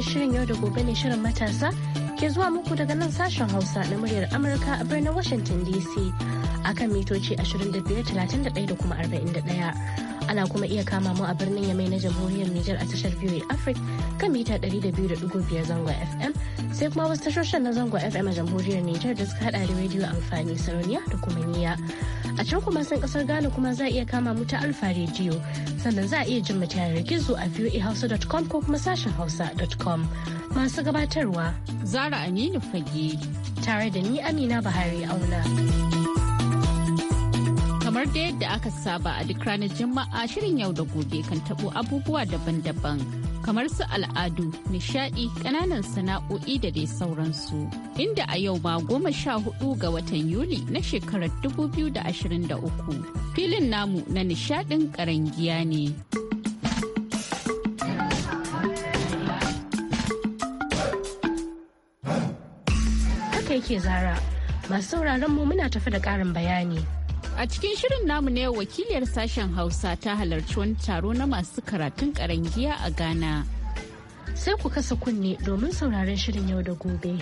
saurare shirin yau da gobe ne shirin matasa ke zuwa muku daga nan sashen Hausa na muryar Amurka a birnin Washington DC akan mitoci 25,31 da kuma 41. Ana kuma iya kama mu a birnin Yamai na Jamhuriyar Nijar a tashar a Africa kan mita 200.5 zangon FM sai kuma wasu tashoshin na zangon FM a Jamhuriyar Nijar da suka hada da rediyo amfani sarauniya da kuma niyya. a can kuma sun kasar Ghana kuma za a iya kama mu ta Alfa rediyo sannan za a iya jin ta gizo a voahausa.com ko kuma sashen hausa.com masu gabatarwa Zara Aminu Fage tare da ni Amina Bahari Auna. kamar da yadda aka saba a duk ranar jima'a shirin yau da gobe kan tabo abubuwa daban-daban kamar su al'adu, nishadi, ƙananan sana'o'i da dai sauransu. Inda a yau ma goma sha hudu ga watan Yuli na shekarar dubu biyu da da ashirin uku filin namu na nishadin karangiya ne. Haka yake zara, masu sauraron mu muna tafi da ƙarin bayani. A cikin shirin namu ne wakiliyar sashen Hausa ta halarci wani taro na masu karatun karangiya a Ghana. Sai ku kasa kunne domin sauraron shirin yau da gobe.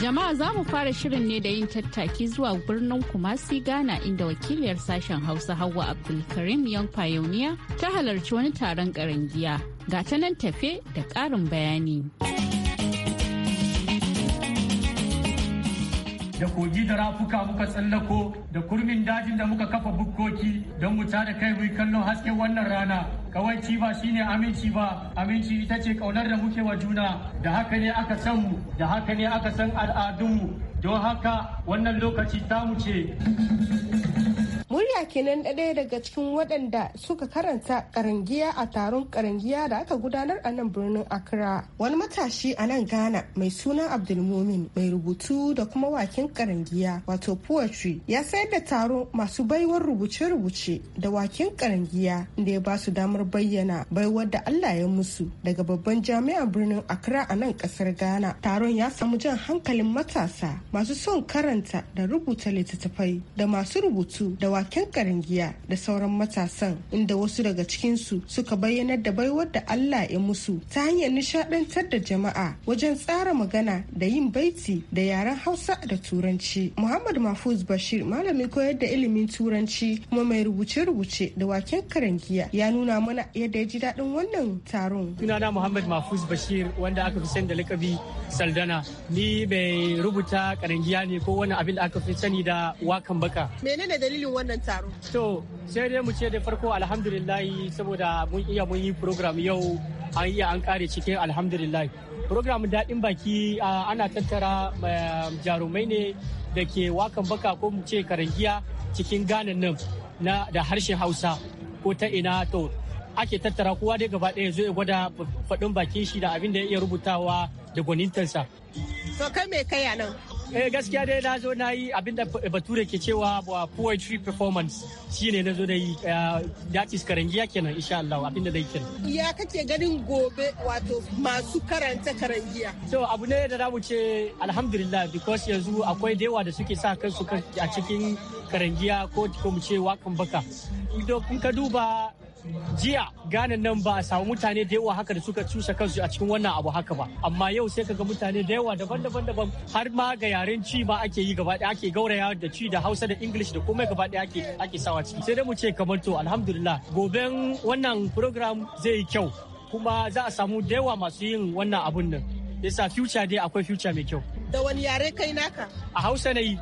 Jama'a za mu fara shirin ne da yin tattaki zuwa birnin Kumasi Ghana inda wakiliyar sashen Hausa Hauwa Abdulkarim Young Pioneer ta halarci wani taron karangiya. Ga ta nan tafe da ƙarin bayani. da kogi da rafuka muka tsallako da kurmin dajin da muka kafa bukkoki don mu da kai mu kallon hasken wannan rana kawaici ba shine aminci ba aminci ita ce kaunar da muke wa juna da haka ne aka san mu da haka ne aka san al'adunmu don haka wannan lokaci tamu ce murya kenan ɗaya daga cikin waɗanda suka karanta karangiya a taron karangiya da aka gudanar a nan birnin accra wani matashi a nan ghana mai suna abdulmumin mai rubutu da kuma wakin karangiya wato poetry ya sayar da taro masu baiwar rubuce-rubuce da wakin karangiya da ya ba su damar bayyana baiwar da allah ya musu daga babban jami'an birnin accra a nan ƙasar ghana taron ya samu jan hankalin matasa masu son karanta da rubuta littattafai da masu rubutu da waken karangiya da sauran matasan inda wasu daga cikinsu suka bayyanar da baiwar da Allah ya musu ta hanyar nishadantar da jama'a wajen tsara magana da yin baiti da yaren Hausa da Turanci. Muhammad mafuz Bashir malamin koyar da ilimin Turanci kuma mai rubuce-rubuce da waken karangiya ya nuna mana yadda ya ji daɗin wannan taron. Sunana Muhammad Mahfuz Bashir wanda aka fi sani lakabi Saldana ni bai rubuta karangiya ne ko wani abin da aka fi sani da wakan baka. Menene dalilin wannan taro? To, sai dai mu ce da farko alhamdulillah saboda mun iya mun yi program yau an iya an kare cikin alhamdulillah. Program daɗin baki ana tattara jarumai ne da ke wakan baka ko mu ce karangiya cikin ganan nan na da harshen Hausa ko ta ina to ake tattara kowa dai gaba ɗaya zo gwada faɗin bakin shi da abin da ya iya rubutawa da gwanintansa. To kai me kai nan? eh gaskiya dai na zo na yi abinda bature ke cewa ba poetry performance shine na zo da yi eh, that is karangiya kenan insha Allah abinda dai kenan ya kake ganin gobe wato masu karanta karangiya so abu ne da zamu ce alhamdulillah because yanzu akwai dewa da suke sa kansu a cikin karangiya ko ko mu ce wakan baka kun ka duba jiya ganin nan ba a samu mutane da yawa haka da suka cusa kansu a cikin wannan abu haka ba amma yau sai kaga mutane da yawa daban-daban daban har ma ga yaren ci ba ake yi gaba ɗaya ake gauraya da ci da hausa da english da komai gaba ɗaya ake ake sawa ciki sai dai mu ce kamar to alhamdulillah goben wannan program zai yi kyau kuma za a samu da yawa masu yin wannan abun nan yasa future dai akwai future mai kyau da wani yare kai naka a hausa na yi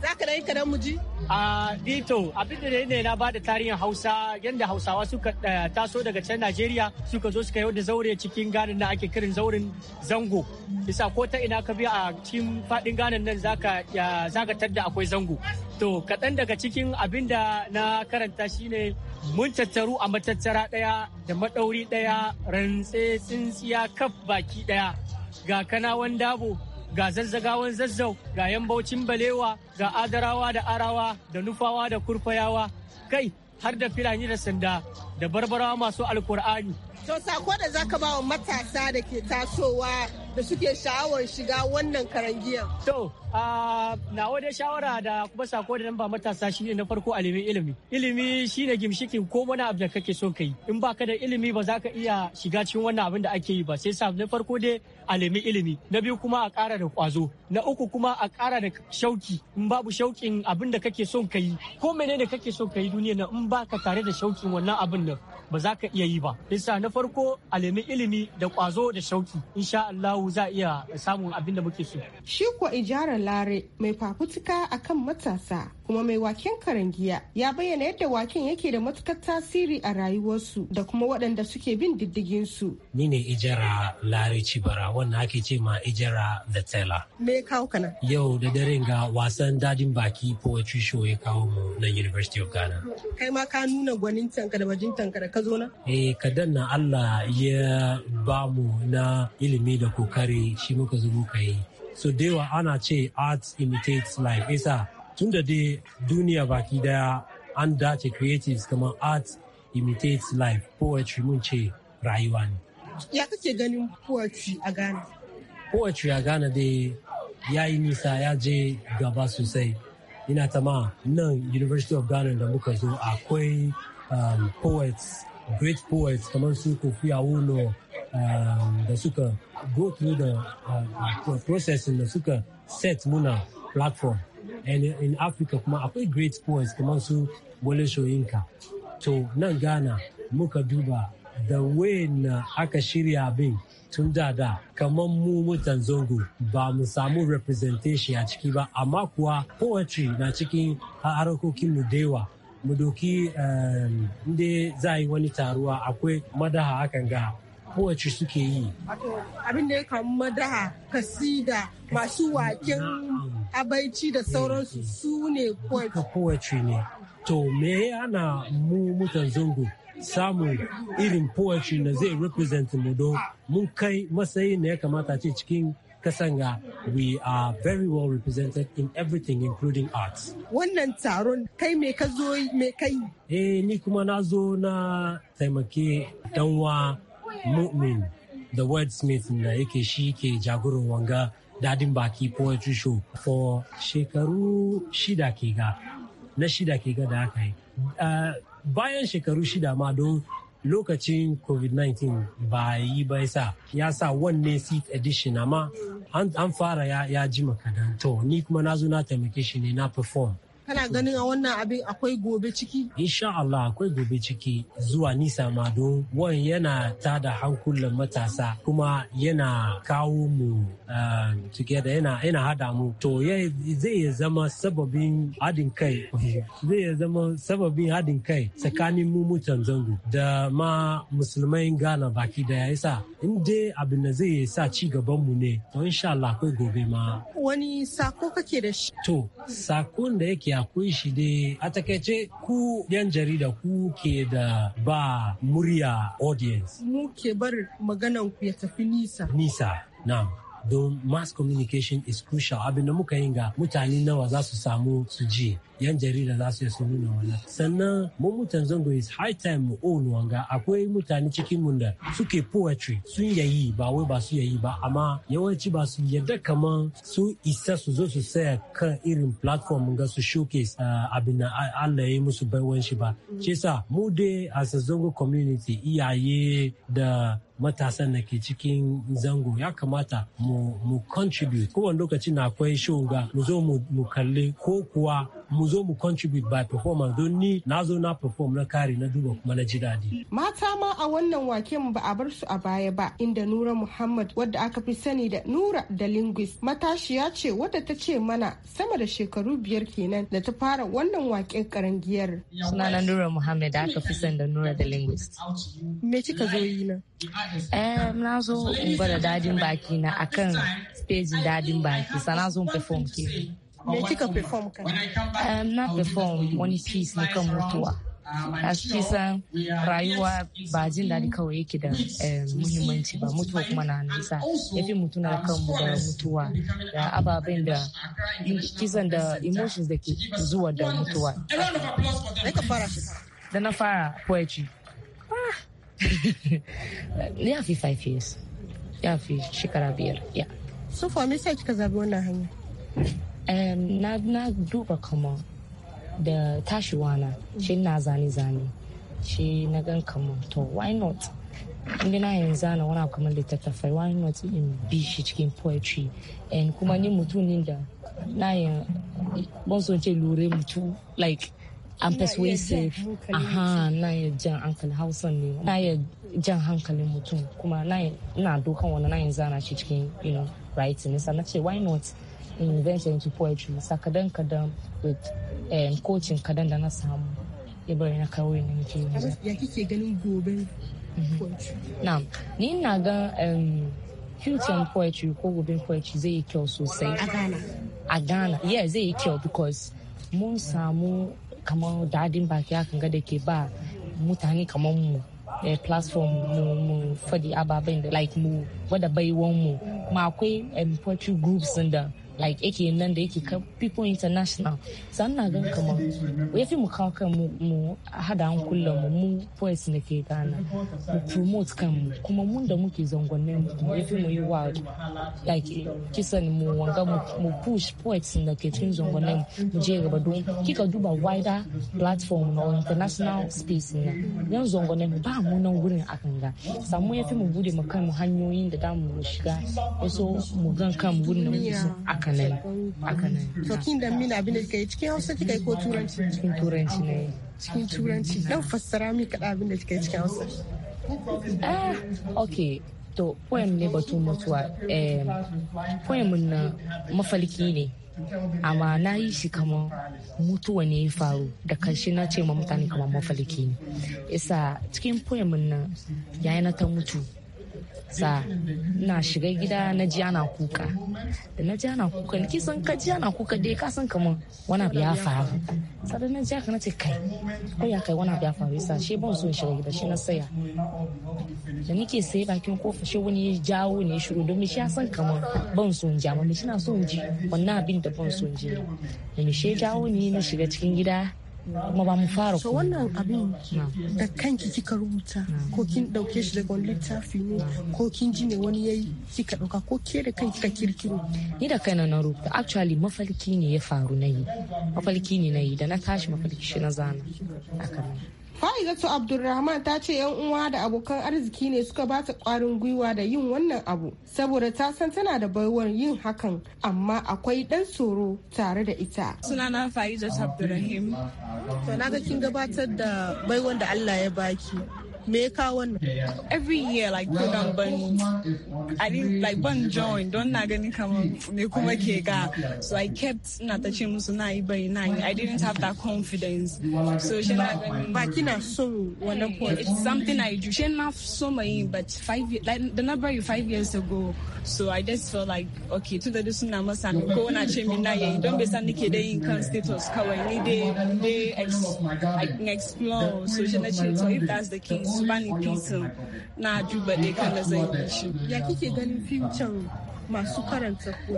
Za ka dai kadan muji? A Dito, eh abin da ne na bada tarihin Hausa yadda Hausawa suka eh, taso daga can Najeriya suka zo suka yau da zaure cikin ganin da ake kirin zaurin zango. Bisa ko ta ina ka biya a cikin faɗin ganin nan zaka zagatar da akwai zango. To kaɗan daga cikin abin da na karanta shine mun tattaru a matattara ɗaya da maɗauri ɗaya rantse tsintsiya kaf baki ɗaya ga kanawan dabo ga zazzagawan zazzau ga yambaucin balewa ga adarawa da arawa da nufawa da kurfayawa kai har da filani da sanda da barbarawa masu alkur'ani. To sako da zaka ba wa matasa da ke tasowa da suke sha'awar shiga wannan karangiyar. To, na dai shawara da kuma sako da nan ba matasa shine na farko a ilimi. Ilimi shine gimshikin ko wani abu da kake so ka yi. In baka da ilimi ba za ka iya shiga cikin wannan abin da ake yi ba. Sai sa na farko dai a nemi ilimi na biyu kuma a kara da kwazo na uku kuma a kara da shauki in babu shauƙin abin da kake son ka yi ko menene kake son ka yi duniya na in baka tare da shaukin wannan abin nan ba za ka iya yi ba isa na farko a nemi ilimi da kwazo da shauki insha Allah za iya samun abin da muke so shi ko ijara lare mai fafutuka akan matasa kuma mai waken karangiya ya bayyana yadda waken yake da matukar tasiri a rayuwarsu da kuma waɗanda suke bin diddigin su. Ni ne Ijara Lare Cibara wannan ake ce ma Ijara da Teller. Me ya kawo kana? Yau da dare ga wasan dadin baki poetry show ya kawo mu na University of Ghana. Kai ma ka nuna tanka da tanka da ka zo na? Eh ka danna Allah ya ba mu na ilimi da kokari shi muka zo muka yi. So dewa ana ce art imitates life. Isa da dai duniya baki daya an dace creatives kamar art imitates life poetry mun ce rayuwa ne ya kake ganin poetry a ghana poetry a ghana dai ya yi nisa ya je gaba sosai ina tama nan university of ghana da muka zo akwai um, poets great poets kamar su kofi awolo um, da suka go through the uh, uh, processing da suka set muna platform in africa kuma akwai great poets kamar su wale shoyinka to nan ghana muka duba da na aka shirya abin tun da da kamar mu mutan zongo ba mu samu representation a ciki ba amma kuwa poetry na cikin harkokin mu yawa mu doki eh, inda za yi wani taruwa akwai madaha akan ga kowace suke yi. Abin da ya kamu madaha, kasida, masu waken abaici da eh, sauransu eh. su ne kowace. poetry ne. To me ana mu mutan zungu samun irin poetry na zai represent mu don mun kai matsayi na ya kamata ce cikin kasanga we are very well represented in everything including arts. Wannan taron kai me ka zo me kai? Eh ni kuma na zo na taimake danwa mu'min da wordsmith da yake shi ke jagoran wanga dadin baki poetry show for shekaru shida ke ga na shida ke ga da aka yi bayan shekaru shida ma don lokacin covid-19 ba yi ba sa ya sa wanne seat edition amma an fara ya, ya ji makadan to ni kuma na zo na taimake shi ne na perform kana ganin a wannan abin akwai gobe ciki insha Allah akwai gobe ciki zuwa nisa ma don wani yana ta tada hankulan matasa kuma yana kawo mu eh, together yana yana hada mu to zai zama sababin hadin kai zai zama sababin hadin kai tsakanin mu mutan zango da ma musulmai Ghana baki da ya sa in dai abin da zai sa ci gaban mu ne to insha Allah akwai gobe ma wani sako kake da shi to sakon da yake akwai kun shi dai a takaice ku yan jarida ku ke da ba murya audience. Mu ke bar maganan ku ya tafi nisa. Nisa, na. don mass communication is crucial abin da muka yin ga mutane nawa za su samu su ji yan jarida za su su nuna wani. sannan mu mutan zango is high time mu own wanga akwai mutane cikin mu da suke poetry sun yayi ba wai ba su yayi ba amma yawanci ba su yadda kaman su isa su zo su saya kan irin platform ga su showcase uh, abin na Allah ya yi musu baiwan shi ba mm. shi mu dai as a zango community iyaye da matasan da ke cikin zango ya kamata mu contribute kowane lokaci na akwai show ga mu zo mu kalli ko kuwa mu zo mu contribute by performance don ni na zo na perform na kare na duba kuma na ji daɗi. Mata ma a wannan waken ba a bar su a baya ba inda Nura Muhammad wadda aka fi sani da Nura da Linguist matashiya ce wadda ta ce mana sama da shekaru biyar kenan da ta fara wannan waken karangiyar. na Nura Muhammad da aka fi sani da Nura da Linguist. Me kika zo yi na? Eh, na zo in bada dadin baki na akan stage dadin baki sana zo perform ke. Me perform Um, na perform wani piece na kan mutuwa. a kisan uh, rayuwa ba jin daɗi kawai yake da eh, muhimmanci ba mutuwa kuma na nisa ya fi mutuna uh, kanmu da mutuwa da ababen da kisan da emotions da ke zuwa da mutuwa da na fara poetry ah. ya fi years ya fi shekara biyar so for me sai kika zabi wannan hanya na duba kama da tashiwana, shi na zane-zane shi na gan kama to why not inda na yin zana wani abu kamar littattafai why not in bi shi cikin poetry and kuma ni mutum ne da na yin ban ce lura mutu like I'm persuasive. Aha, na ya jan hankali Hausa ne. Na ya jan hankalin mutum kuma na na dokan wani na yin zana shi cikin you know writing. Nisa na ce why not in into poetry sakadan kadan with um, coaching kadan da na samu ya bari na kawo na nake ya kike ganin gobe mhm. poetry na ni na ga um, future poetry ko gobe poetry zai yi kyau sosai a Ghana a Ghana yeah zai yi kyau because mun samu kamar dadin baki hakan ga da ke ba mutane kamar mu eh, platform mu mu fadi ababen da like mu wada baiwan mu ma akwai um, poetry groups da like yake nan da yake people international san na gan ya fi mu kawo kan mu hada hankulan mu mu boys na ke gana mu promote kan mu kuma mun da muke zangonnen mu ya fi mu yi wa like kisan mu wanga mu push poets na ke cikin zangonnen mu je gaba don kika duba wider platform na international space na yan zangonnen ba mu nan wurin akan ga samu ya fi mu bude mu kan hanyoyin da damu mu shiga wasu mu gan kan wurin da muke haka ne haka ne to kin da mina abin da kai cikin Hausa kika yi ko turanci cikin turanci ne cikin turanci dan fassara mi kada abin da kika cikin Hausa ah, okay to poem ne batu mutuwa eh poem na mafalki ne amma na yi shi kama mutuwa ne ya faru da karshe na ce ma mutane kama mafalki ne isa cikin poem nan yayin na ta mutu sa na shiga gida na ji ana kuka da na ji ana kuka ni kisan ka ji ana kuka dai ka san kaman wani abu ya faru sada na ji haka na ce kai ko ya kai wani abu ya faru sa shi ban so in shiga gida shi na saya da nike sai bakin kofa shi wani ya jawo ne shiru domin shi ya san kaman ban so in ji amma shi na so in ji wannan abin da ban so in ji da shi ya jawo ne na shiga cikin gida kuma ba mu fara so wannan abin da kanki kika rubuta ko kin dauke shi daga wani littafi ne ko kin ji ne wani yayi kika dauka ko ke da kanki kika kirkiro ni da kaina na rubuta actually mafalki ne ya faru na yi mafalki ne na yi da na tashi mafalki shi na zana akan Fa'izatu Abdulrahman ta ce yan uwa da abokan arziki ne suka ba ta kwarin gwiwa da yin wannan abu saboda ta san tana da baiwar yin hakan amma akwai dan tsoro tare da ita. Sunana Fa'izatu Abdulrahim. To na ga kin gabatar da baiwar da Allah ya baki. me ka wannan every year like ko ban i didn't like ban join don na gani kamar me kuma ke ga so i kept ina ta ce musu na yi bai na i didn't have that confidence so she na gani ba kina so wannan point it's something i do she na so mai but five like the number you five years ago so i just felt like okay to da na masa ko na ce min na yayi don bai san nake da in kan status kawai ni dai dai explore so she na ce so if that's the case Usmani Peter na juba dai zai yi shi. Ya kike ganin future masu karanta ko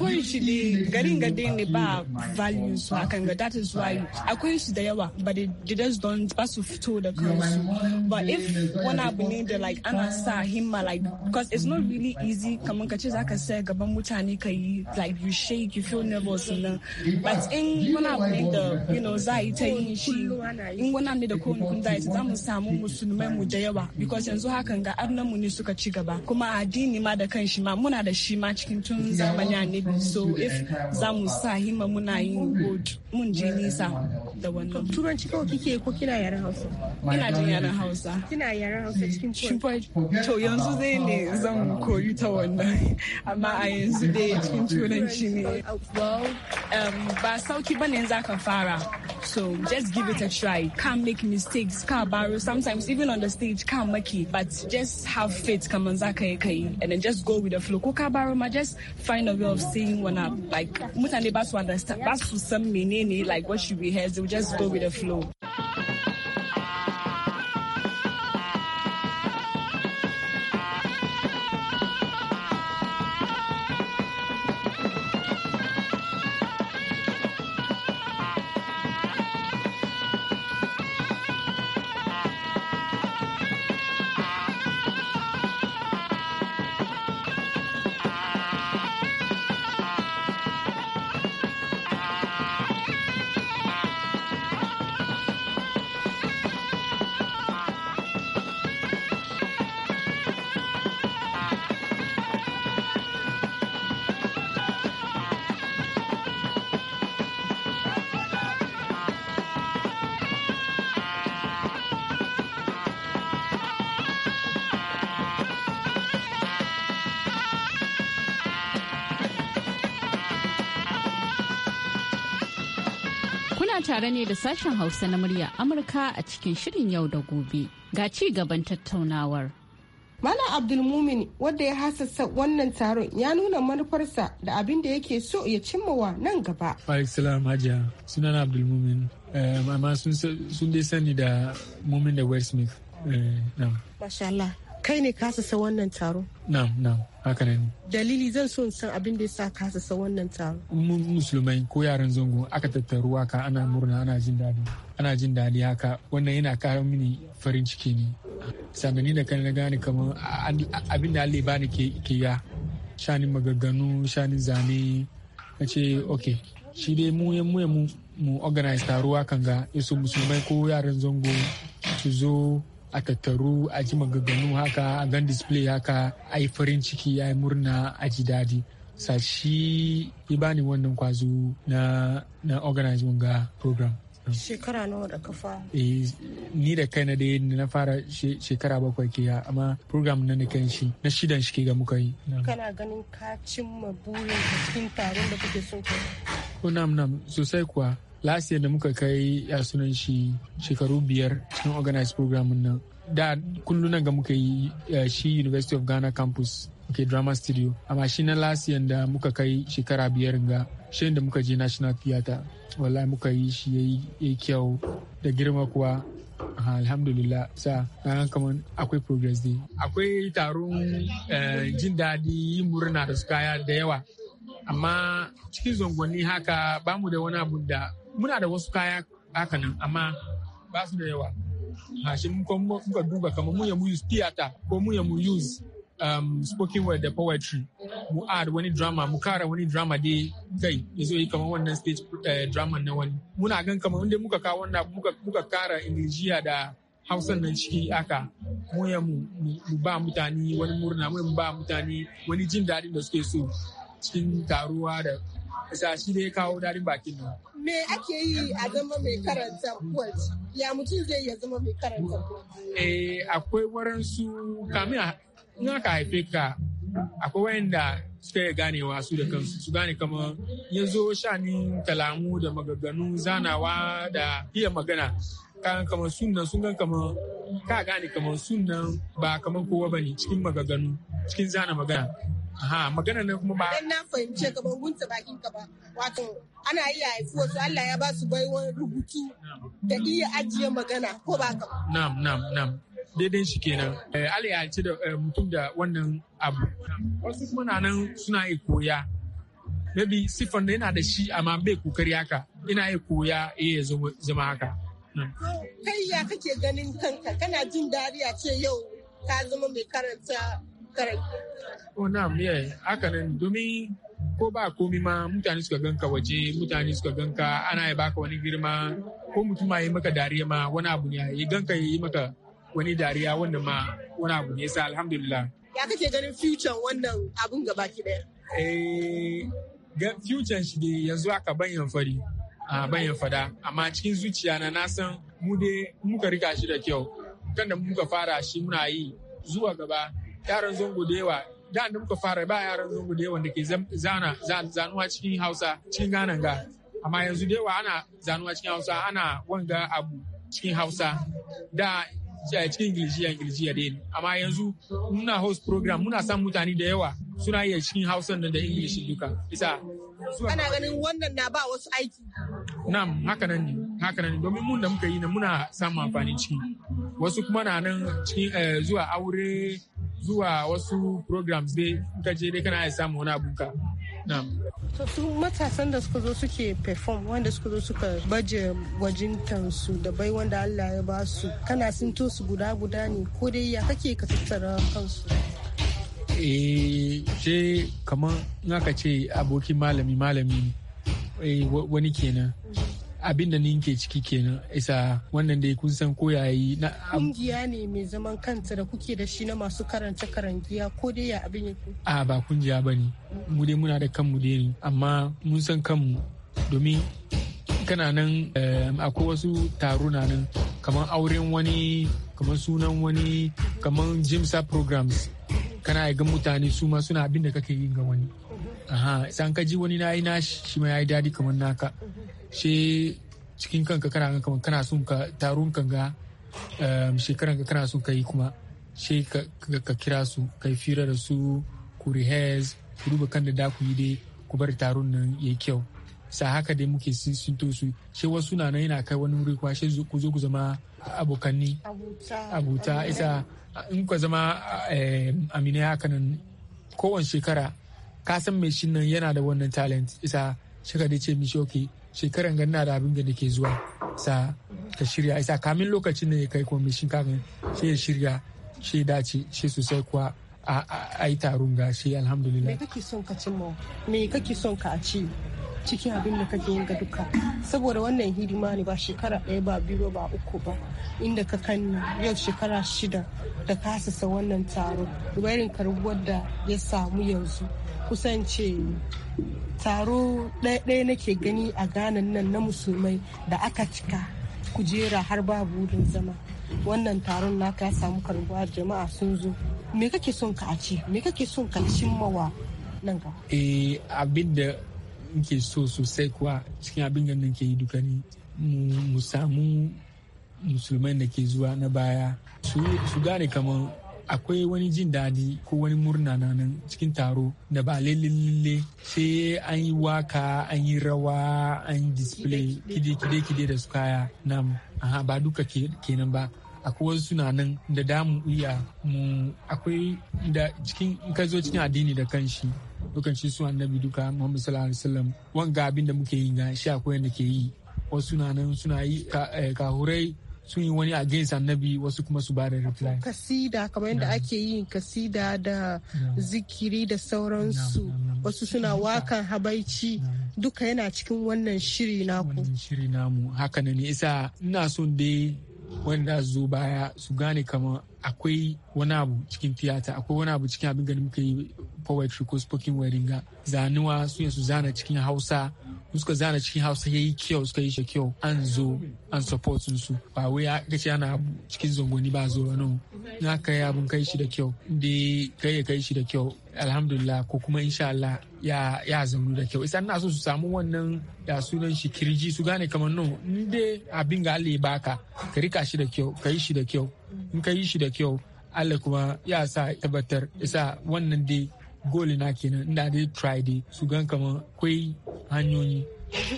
well shi ne garin ga ne ba values a kan ga that is why akwai su da yawa but they, they just don't ba su fito da kansu but if wani abu ne da like ana sa himma like because it's not really easy kamar ka ce za ka saya gaban mutane ka yi like you shake you feel nervous nan but in wani abu ne da you know za a yi ta yin shi in wani abu ne da kowane kun za a yi za mu samu musulmai mu da yawa because yanzu hakan ga arnan mu ne suka ci gaba kuma addini ma da kan shi ma muna muna da shi ma cikin tun zamani annabi so if za mu sa hima muna yin good mun je nisa da wannan turanci kawai kike ko kina yaren hausa ina jin yaren hausa kina yaren hausa cikin turanci to yanzu zai ne zan koyi ta wannan amma a yanzu dai cikin turanci ne um, ba sauki bane za ka fara So just give it a try. Can't make mistakes. Can't borrow. Sometimes even on the stage, can't make it. But just have faith. Come Kamanzaka ekai. Eh, and then just go with the flow. Kuka borrow. Just find a way of saying I'm Like, mutane basu understand. Basu some meaning. Like, what should we have? Just go with the flow. tare ne da sashen Hausa na murya Amurka a cikin shirin yau da gobe. Ga ci gaban tattaunawar. Malam Abdulmumin wadda ya hasassa wannan taron ya nuna manufarsa da abin da yake so ya cimmawa nan gaba. Alaikisalam eh, sun dai sani da Mumin da kai ne ka sassa wannan taro na na haka ne dalili zan so in san abin da ya sa ka sassa wannan taro mun musulmai ko yaran zango aka tattaru haka ana murna ana jin daɗi ana jin daɗi haka wannan yana kawo mini farin ciki ne sanani da kan na gane kamar abin da Allah bani ke ke ya shanin magagganu shanin zane na ce ok shi dai mu ya mu mu organize taruwa kan ga isu musulmai ko yaran zango su zo a tattaru a ji maganganu haka a gan display haka a yi farin ciki a yi murna a ji daɗi sashi yi bani wannan kwazo na na organize wanga program shekara nawa da kafa. fara eh, ni da kai na dai na fara shekara bakwai ke amma program na na shi na shidan shi ke ga muka yi kana ganin ka cimma burin cikin taron da kake so ko oh, nam nam sosai kuwa last year da muka kai ya sunan shi shekaru biyar cikin organized program nan da na ga muka yi eh, shi university of ghana campus ok drama studio amma shi na last year da muka kai shekara biyar ga shi da muka je national theater wallahi muka yi shi ya yi kyau da girma kuwa alhamdulillah sa na kamar akwai progress dai akwai taron eh, jin daɗi yi murna da su kaya da yawa amma cikin zangonni haka bamu da wani abu da muna da wasu kaya haka nan amma ba su da yawa mun muka duba kamar mu ya mu use theater ko mu ya mu use um, spoken word da poetry mu add wani drama mu kara wani drama dai kai ya zo yi kamar wannan stage uh, drama na wani muna gan kamar inda muka kawo wannan muka, muka kara ingilijiya da hausan nan ciki aka mu ya mu, mu ba mutane wani murna mu ba mutane wani jin daɗin da suke so cikin taruwa da shi ne ya kawo darin bakin nan. Me ake yi a zama mai karanta poet? Ya mutum zai iya zama mai karanta poet? Eh, akwai su, kamin in aka haife ka akwai wayanda suka yi ganewa su da kansu su gane kamar yanzu shani, kalamu da magaganu zanawa da iya magana kan kamar sunan sun gan kamar ka gane kamar sunan ba kamar kowa bane cikin magaganu cikin zana magana Aha, magana ne kuma ba. Idan na fahimce ka ban gunta bakin ka ba. Wato ana iya haifi wasu Allah ya ba su wani rubutu da iya ajiye magana ko ba ka. Nam, nam, nam. Daidai shi kenan. Eh, Allah ya ce da eh, mutum da wannan abu. Wasu kuma na nan suna iya koya. Maybe siffan da yana da shi amma bai kokari haka. Ina iya koya iya eh, zama haka. Kai ya kake ganin kanka kana jin dariya ce yau ka zama mai karanta karai. Oh na yeah. haka nan domin ko ba komi ma mutane suka ganka waje mutane suka ganka ana ya baka wani girma ko mutum ya yi maka dariya ma wani abu ne ya ganka ya yi maka wani dariya wanda ma wani abu ne sa alhamdulillah. Ya kake ganin future wannan abun gaba ki daya? Eh ga future shi dai yanzu aka banyan fari. a bayan fada amma cikin zuciya na na san mu dai muka rika shi da kyau kan da muka fara shi muna yi zuwa gaba yaran zungu da yawa da da muka fara ba yaran zungu da yawa da ke zana zanuwa cikin hausa cikin gana ga amma yanzu da yawa ana zanuwa cikin hausa ana wanga abu cikin hausa da cikin ingilishi ingilishi da amma yanzu muna host program muna san mutane da yawa suna iya cikin hausan da ingilishi duka isa ana ganin wannan na ba wasu aiki nam haka nan ne haka nan ne domin mun da muka yi na muna samun amfani ciki wasu kuma na nan cikin eh, zuwa aure zuwa wasu programs dai ka je dai kana iya samu wani abu ka to su matasan da suka zo suke perform wanda suka zo suka baje gwajintansu da bai wanda Allah ya ba su kana sun to su guda guda ne ko dai ya kake ka tattara kansu eh je kamar in aka ce abokin malami malami ne eh, wani kenan mhm. abin da ni ke ciki kenan isa wannan da kun san ko yayi na kungiya ne mai zaman kanta da kuke da shi na masu karance karangiya ko dai ya abin yake a ba kungiya bane mu dai muna da kanmu dai amma mun san kanmu domin kana nan eh, akwai wasu taruna nan kamar auren wani kamar sunan wani kamar jimsa programs kana ga mutane su ma suna abin da kake yi ga wani aha san ka ji wani na yi nashi shi ma ya yi dadi kamar naka shi cikin kanka kana kamar kana son ka tarun ka ga eh, shekaran ka kana son ka yi kuma shi ka kira su ka yi fira da su ku rehearse ku duba kan da da ku yi dai ku bar taron nan ya kyau sa haka dai muke to su shi wasu na nan yana kai wani wuri kuma shi ku zo ku zama abokanni abuta isa in ku zama eh, amina haka nan kowane shekara ka san mai shi nan yana da wannan talent isa shi ka dai ce mishi okay shekaran ganna da abin da nake zuwa sa ka shirya isa kamin lokacin ne kai komishin kafin shi ya shirya shi dace shi sosai kuwa a yi taron gashi alhamdulillah me kake son ka cimma me kake son ka ci cikin abin da kake yin ga duka saboda wannan hidima ne ba shekara ɗaya ba biyu ba uku ba inda ka kan yau shekara shida da kasasa wannan taro irin karbuwar da ya samu yanzu kusance taro ɗaya nake gani a ganan nan na musulmai da aka cika kujera har babu wurin zama wannan taron naka ya samu karbuwa jama'a sun zo me kake son ka a me kake son ka cimmawa nan ga eh abin da nke so sosai kuwa cikin abin da ke yi duka ni mu samu musulman da ke zuwa na baya su gane kamar akwai wani jin daɗi ko wani murna na nan cikin taro da ba lalle sai an yi waka an yi rawa an yi display kide-kide da su kaya nam ba duka kenan ba akwai wasu suna nan da damu iya mu akwai da cikin ka zo cikin addini da kanshi dukan shi su annabi duka Muhammad sallallahu alaihi wasallam wanga abin da muke yi ga shi akwai da ke yi wasu na nan suna yi eh, kahurai sun yi wani against annabi wasu kuma su bada reply kasida kamar yadda ake yin kasida da zikiri da sauransu wasu suna wakan habaici duka yana cikin wannan shiri naku wannan shiri namu haka ne isa ina son dai wanda zo baya su gane kama akwai wani abu cikin tiyata akwai wani abu cikin abin ganin muka yi poetry ko spoken word ga zanuwa su su zana cikin hausa suka zana cikin hausa ya yi kyau suka yi kyau an zo an support su ba wai ya ce ana cikin zangoni ba zo wani na yi abin kai shi da kyau da kai ya kai shi da kyau alhamdulillah ko kuma insha Allah ya ya zaunu da kyau isa ina so su samu wannan ya sunan shi kirji su gane kamar no in dai abin ga Allah ya baka ka rika shi da kyau ka yi shi da kyau in ka yi shi da kyau Allah kuma ya sa tabbatar isa wannan dai goli na kenan inda dai try dai su gan kamar kwai. hanyoyi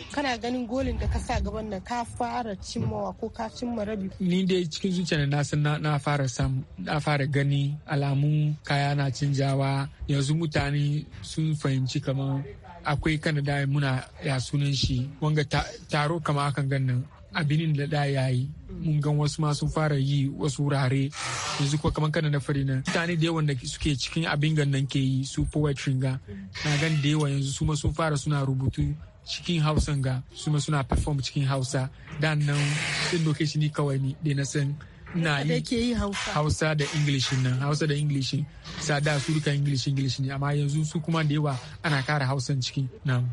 kana ganin golin da ka sa gaban nan ka fara cimmawa ko ka cimma rabi ni dai cikin zuciya na san na fara sam na fara gani alamun kaya na canjawa yanzu mutane sun fahimci kamar akwai kanada muna ya sunan shi wanga taro kama akan gannan abinin da da ya yi mun gan wasu ma sun fara yi wasu wurare yanzu ko kamar kana na fari nan mutane da yawan da suke cikin abin gan nan ke yi su poetry ga na gan da yawa yanzu su ma sun fara suna rubutu cikin hausa ga su ma suna perform cikin hausa dan nan din location ni kawai ni da na san na yi hausa da english nan hausa da english sa da su duka english english ne amma yanzu su kuma da yawa ana kara hausan cikin nan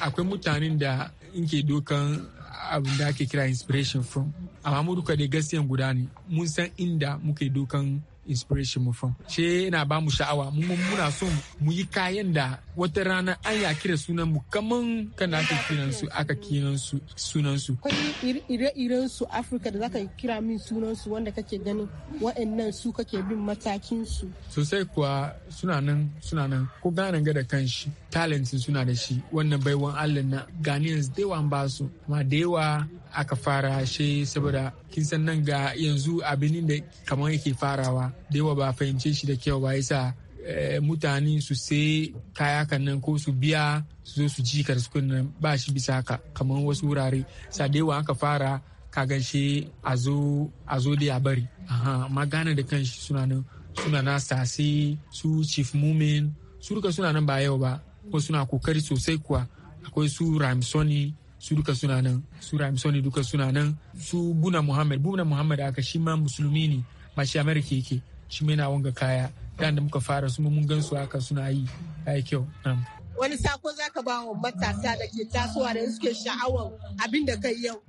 akwai mutanen da in ke dokan abin da ake kira inspiration from amma mu duka dai gaskiyan guda ne mun san inda muke dokan inspiration mu fam ce yana ba mu sha'awa mun muna so mu yi kayan da wata rana an ya kira sunan mu kaman kana ta kiran su aka kiran su sunan su ire-iren su Africa da zaka kira min sunan su wanda kake ganin wa'annan su kake bin matakin su sosai kuwa suna nan suna nan ko ganin ga da kanshi talent suna da shi wannan baiwan Allah na Ghanaians da ba su amma da yawa aka fara shi saboda kin san nan ga yanzu abin da kamar yake farawa da yawa ba fahimce shi da kyau ba yasa eh, mutane su sai kaya nan ko su biya su zo su ji karskun nan ba shi bisa haka kamar wasu wurare sa da yawa aka fara ka ganshi a zo da ya bari amma gane da kanshi suna nan suna na sase su chief mumin su suna nan ba yau ba ko suna kokari sosai kuwa akwai su ramsoni su duka suna nan su ramsoni duka suna nan su buna muhammad buna muhammad aka shi ma musulmi ne ba shi amerika yake shi mai na wanga kaya da muka fara su mun gan su haka suna yi yi kyau wani sako za ka ba wa matasa da ke tasowa da suke sha'awar abin da kai yau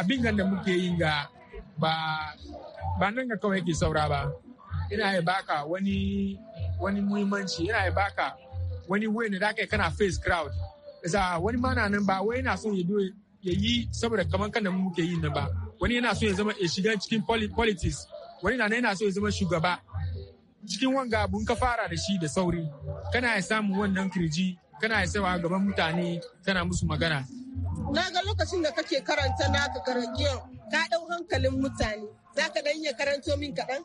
abin da muke yi ga ba ba nan ga kawai ke saura ba ina ya baka wani wani muhimmanci ina ya baka wani way da kana face crowd za wani ma na nan ba wai yana son ya yi saboda kamar kan da muke yi na ba wani yana so ya zama ya shiga cikin politics wani na yana so ya zama shugaba cikin wanga abun ka fara da shi da sauri kana ya samu wannan kirji kana ya sawa gaban mutane kana musu magana na ga lokacin da kake karanta ka karagiyar ka dau hankalin mutane za ka dan iya karanto min kaɗan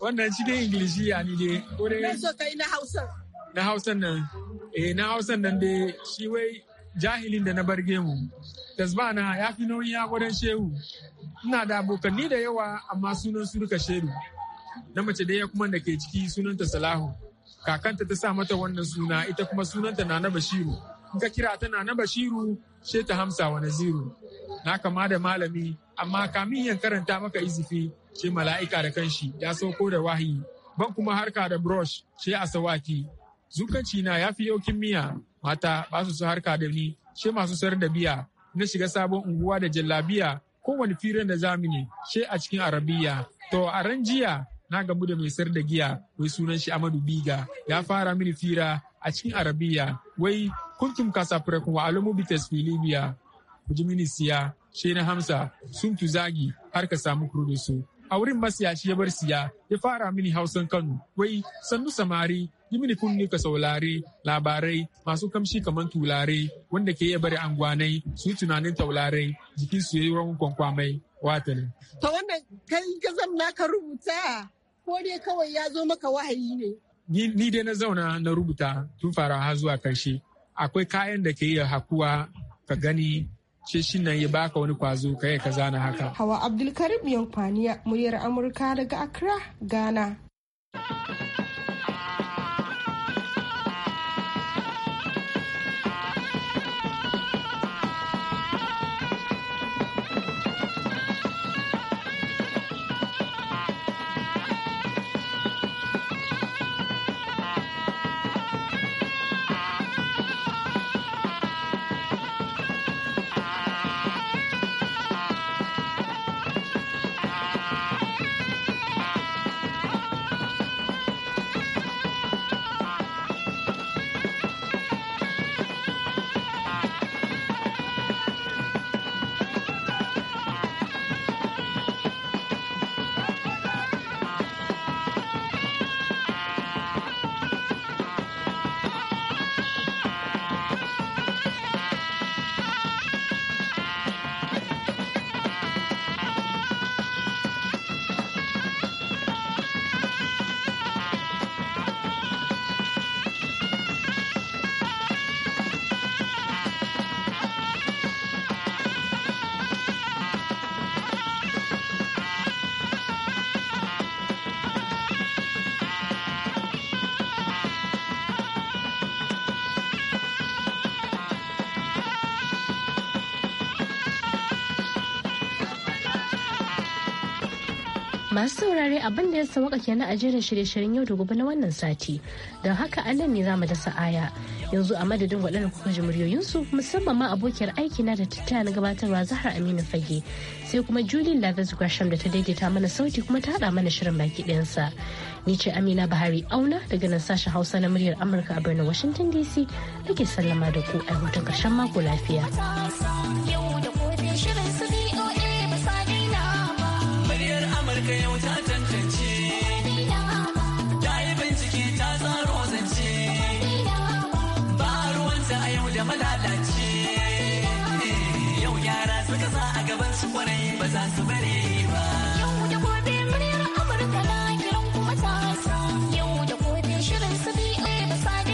wannan shi dai ingilishi ya ni dai ko dai na so kai na hausa na hausa nan eh na hausan nan dai shi wai jahilin da na bar gemu tasbana ya fi nauyi ya gwadon shehu ina da abokanni da yawa amma sunan su duka shehu na mace ya kuma da ke ciki sunanta salahu kakanta ta sa mata wannan suna ita kuma sunanta na na bashiru in ka kira ta na na bashiru she ta hamsa wa naziru na kama da malami amma kamin yan karanta maka izifi ce mala'ika da kanshi ya sauko da wahayi ban kuma harka da brush ce asawaki zukanci na ya fi yaukin miya mata ba su harka da ni she masu sayar da biya na shiga sabon unguwa da jallabiya kowane firin da zamini she a cikin arabiya to a ran jiya na gamu da mai sayar da giya wai sunan shi amadu biga ya fara mini fira a cikin arabiya wai kuntum kasafirakun wa alamu bitas filibiya ku ji minisiya she na hamsa sun zagi har ka samu kurdusu a wurin masiya shi ya bar siya ya fara mini hausan kano wai sannu samari yi mini kunni ka saulare labarai masu kamshi kamar tulare wanda ke iya bari angwanai su tunanin taulare, jikin su yi ruwan kwankwamai ne. ta wannan kai gazam na ka rubuta ko dai kawai ya zo maka wahayi ne. Ni dai na zauna na rubuta tun farawa zuwa karshe. Akwai kayan da ke iya hakuwa ka gani shi shi nan ya baka wani kwazo kai ka zana haka hawa abdulkarim yankwaniya muryar amurka daga accra ghana Masu saurare abin da ya sauka kenan a jerin shirye-shiryen yau da gobe na wannan sati. Don haka a nan ne za mu dasa aya. Yanzu a madadin waɗanda kuka ji muryoyinsu musamman ma abokiyar aiki na da tattaya na gabatarwa Zahra Aminu Fage. Sai kuma Julie Lavis Gresham da ta daidaita mana sauti kuma ta haɗa mana shirin baki ɗayansa. Ni ce Amina Bahari Auna daga nan sashen Hausa na muryar Amurka a birnin Washington DC. Ake sallama da ku a hutun ƙarshen mako lafiya.